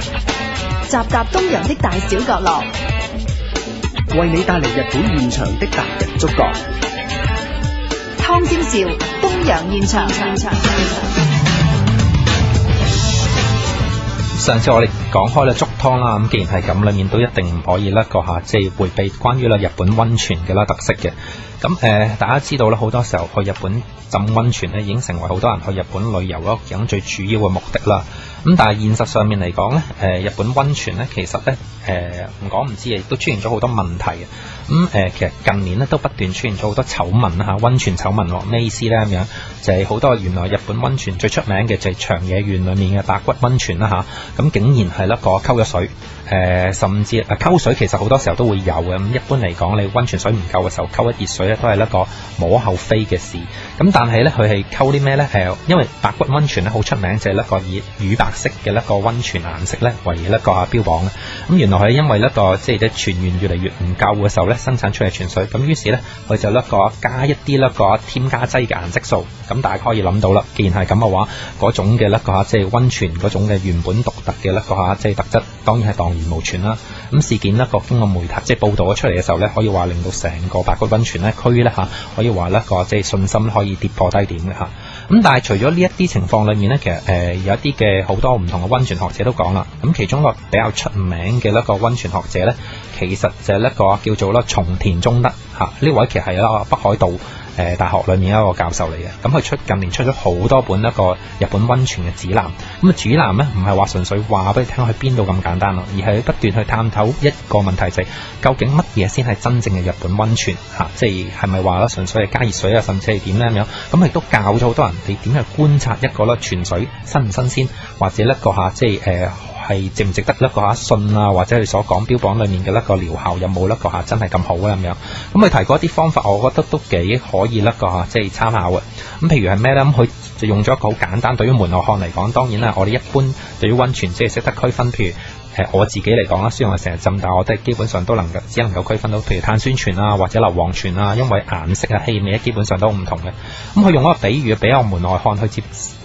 集集東洋的大小角落，為你帶嚟日本現場的達人觸角。湯尖照東洋現場。現場現場現場上次我哋講開咧粥湯啦，咁既然係咁，裡面都一定唔可以甩個一下，即係迴避關於咧日本温泉嘅啦特色嘅。咁誒、呃，大家知道啦，好多時候去日本浸温泉咧，已經成為好多人去日本旅遊嗰個最主要嘅目的啦。咁、嗯、但係現實上面嚟講咧，誒、呃、日本温泉咧，其實咧誒唔講唔知亦都出現咗好多問題。咁、嗯、誒、呃，其實近年咧都不斷出現咗好多醜聞啊，温泉醜聞，咩意思咧咁樣？就係好多原來日本温泉最出名嘅就係長野縣裏面嘅白骨温泉啦嚇，咁、啊、竟然係一個溝咗水，誒、呃、甚至啊溝水其實好多時候都會有嘅，咁、嗯、一般嚟講你溫泉水唔夠嘅時候溝一熱水咧都係一個無可厚非嘅事，咁、啊、但係咧佢係溝啲咩咧？係因為白骨温泉咧好出名就係、是、一個以乳白色嘅一個温泉顏色咧為一個標榜嘅，咁、啊、原來佢係因為一個即係啲泉源越嚟越唔夠嘅時候咧生產出嚟泉水，咁於是咧佢就一個加一啲一個添加劑嘅顏色素。咁大家可以諗到啦，既然係咁嘅話，嗰種嘅咧個即係温泉嗰種嘅原本獨特嘅咧個嚇，即係特質，當然係蕩然無存啦。咁事件咧，經過媒體即係報導咗出嚟嘅時候呢，可以話令到成個白骨温泉呢區呢，嚇，可以話咧個即係信心可以跌破低點嘅嚇。咁但係除咗呢一啲情況裏面呢，其實誒有一啲嘅好多唔同嘅温泉學者都講啦。咁其中一個比較出名嘅一個温泉學者呢，其實就係一個叫做咧松田忠德嚇，呢位其實係一個北海道。誒、呃、大學裏面一個教授嚟嘅，咁、嗯、佢出近年出咗好多本一個日本温泉嘅指南，咁啊指南咧唔係話純粹話俾你聽去邊度咁簡單咯，而係不斷去探討一個問題，就係、是、究竟乜嘢先係真正嘅日本温泉嚇、啊，即係係咪話咧純粹係加熱水啊，甚至係點咧咁樣呢，咁、嗯、亦都教咗好多人你點去觀察一個咧泉水新唔新鮮，或者一個嚇、啊、即係誒。呃係值唔值得甩個下信啊，或者你所講標榜裡面嘅甩個療效有冇甩個下？真係咁好啊咁樣？咁、嗯、佢提過一啲方法，我覺得都幾可以甩個下，即係參考啊。咁、就、譬、是嗯、如係咩咧？咁佢就用咗一個好簡單，對於門外漢嚟講，當然啦，我哋一般對於温泉即係識得區分，譬如。係、呃、我自己嚟講啦，雖然我成日浸，但係我都基本上都能只能夠區分到，譬如碳酸泉啦、啊，或者硫磺泉啦、啊，因為顏色啊、氣味咧基本上都唔同嘅。咁、嗯、佢用一個比喻畀我門外漢去接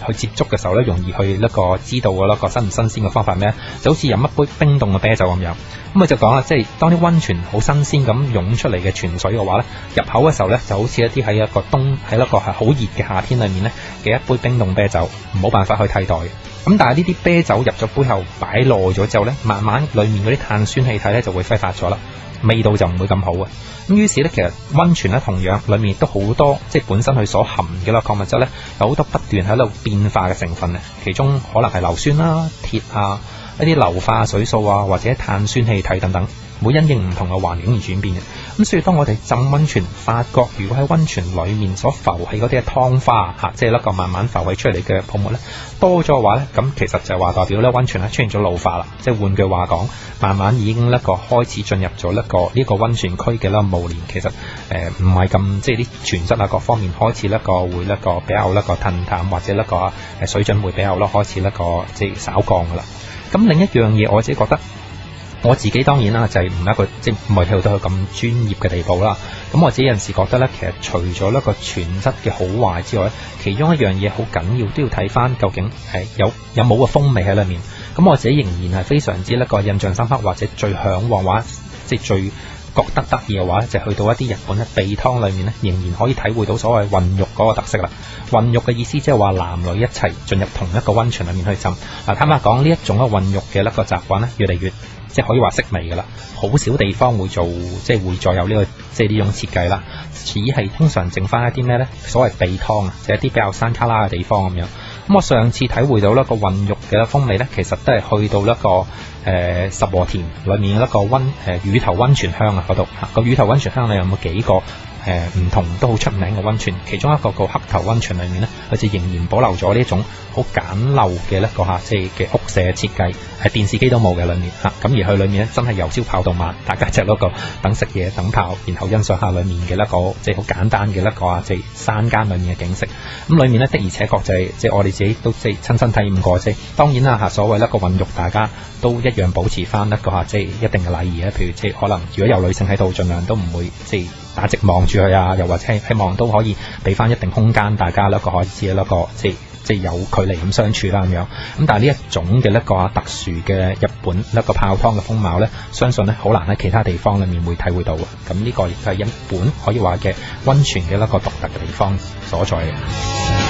去接觸嘅時候咧，容易去一個知道個咯個新唔新鮮嘅方法咩？就好似飲一杯冰凍嘅啤酒咁樣。咁、嗯、佢就講啦，即係當啲温泉好新鮮咁湧出嚟嘅泉水嘅話咧，入口嘅時候咧就好似一啲喺一個冬喺一個係好熱嘅夏天裡面咧嘅一杯冰凍啤酒，冇辦法去替代。咁但係呢啲啤酒入咗杯後擺耐咗之後，呢慢慢裏面嗰啲碳酸氣體呢就會揮發咗啦，味道就唔會咁好啊。咁於是呢，其實温泉咧同樣裡面都好多即係本身佢所含嘅咯礦物質呢，有好多不斷喺度變化嘅成分啊，其中可能係硫酸啦、啊、鐵啊、一啲硫化水素啊，或者碳酸氣體等等。會因應唔同嘅環境而轉變嘅，咁所以當我哋浸温泉，發覺如果喺温泉裡面所浮起嗰啲嘅湯花嚇、啊，即係甩個慢慢浮起出嚟嘅泡沫咧，多咗嘅話咧，咁其實就話代表咧，温泉咧出現咗老化啦。即係換句話講，慢慢已經甩個開始進入咗甩個呢個温泉區嘅咧，暮年，其實誒唔係咁，即係啲泉質啊、各方面開始甩個會甩個比較甩個褪淡，或者甩個誒水準會比較咯開始甩、甩個即係稍降噶啦。咁另一樣嘢我自己覺得。我自己當然啦，就係唔係一個即係唔係去到咁專業嘅地步啦。咁我自己有陣時覺得咧，其實除咗一個水質嘅好壞之外咧，其中一樣嘢好緊要都要睇翻究竟係、哎、有有冇個風味喺裏面。咁我自己仍然係非常之一個印象深刻，或者最嚮往話即係最覺得得意嘅話，就係、去到一啲日本嘅鼻湯裏面咧仍然可以體會到所謂混浴嗰個特色啦。混浴嘅意思即係話男女一齊進入同一個温泉裏面去浸嗱。坦白講，呢一種嘅混浴嘅一個習慣咧，越嚟越～即係可以話色味嘅啦，好少地方會做，即係會再有呢個即係呢種設計啦。只係通常剩翻一啲咩咧？所謂秘湯啊，就一啲比較山卡拉嘅地方咁樣。咁、嗯、我上次體會到一、這個混浴嘅風味咧，其實都係去到一、這個誒、呃、十和田裏面一個溫誒乳、呃、頭溫泉鄉啊嗰度。咁乳頭溫泉鄉你有冇幾個？誒，唔同都好出名嘅温泉，其中一個個黑頭温泉裏面咧，好似仍然保留咗呢種好簡陋嘅一個客即係嘅屋舍設計，係電視機都冇嘅裏面吓。咁、啊、而去裏面咧，真係由朝泡到晚，大家只攞個等食嘢，等泡，然後欣賞下裏面嘅一個,一個即係好簡單嘅一個吓，即係山間裏面嘅景色。咁、嗯、裏面咧的而且確就係、是、即係我哋自己都即係親身體驗過即係。當然啦吓，所謂一個混浴，大家都一樣保持翻一個客即係一定嘅禮儀嘅，譬如即係可能如果有女性喺度，盡量都唔會即係。即一直望住佢啊，又或者希望都可以俾翻一定空間，大家一個可以知一個即係即係有距離咁相處啦咁樣。咁但係呢一種嘅一個特殊嘅日本一個泡湯嘅風貌咧，相信咧好難喺其他地方裡面會體會到嘅。咁呢個亦都係日本可以話嘅溫泉嘅一個獨特嘅地方所在嘅。